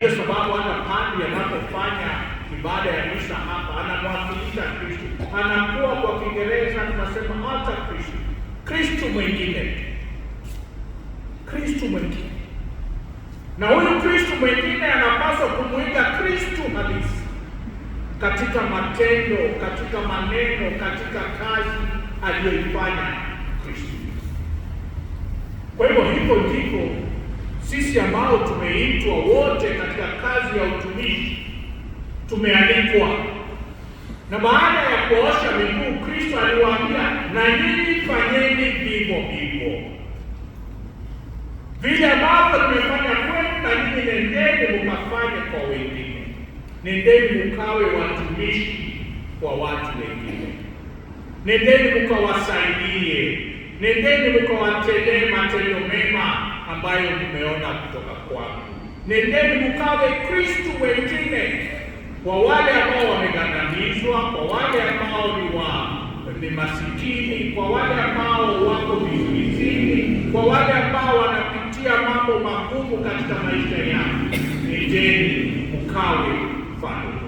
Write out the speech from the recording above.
Kwa sababu hata padri anapofanya ibada ya misa hapa anamwakilisha Kristo, anakuwa kwa Kiingereza tunasema hata kristu Kristo mwingine, Kristo mwingine. Na huyu Kristo mwingine anapaswa kumwiga Kristo halisi katika matendo, katika maneno, katika kazi aliyoifanya Kristo. Kwa hivyo, hivyo ndivyo sisi ambao tumeitwa wote ya utumishi tumealikwa. Na baada ya kuosha miguu, Kristo aliwaambia, na nyinyi fanyeni vivyo hivyo. Vile ambavyo tumefanya kwenu, na nyinyi nendeni mukafanye kwa wengine. Nendeni mukawe watumishi kwa watu wengine, nendeni mukawasaidie, nendeni mukawatendee matendo mema ambayo mmeona kutoka kwangu nendeni mkawe Kristu wengine kwa wale ambao wamegandamizwa, kwa wale ambao ni wa ni masikini, kwa wale ambao wako vizuizini, kwa wale ambao wanapitia mambo magumu katika maisha yao, nendeni mkawe mfano.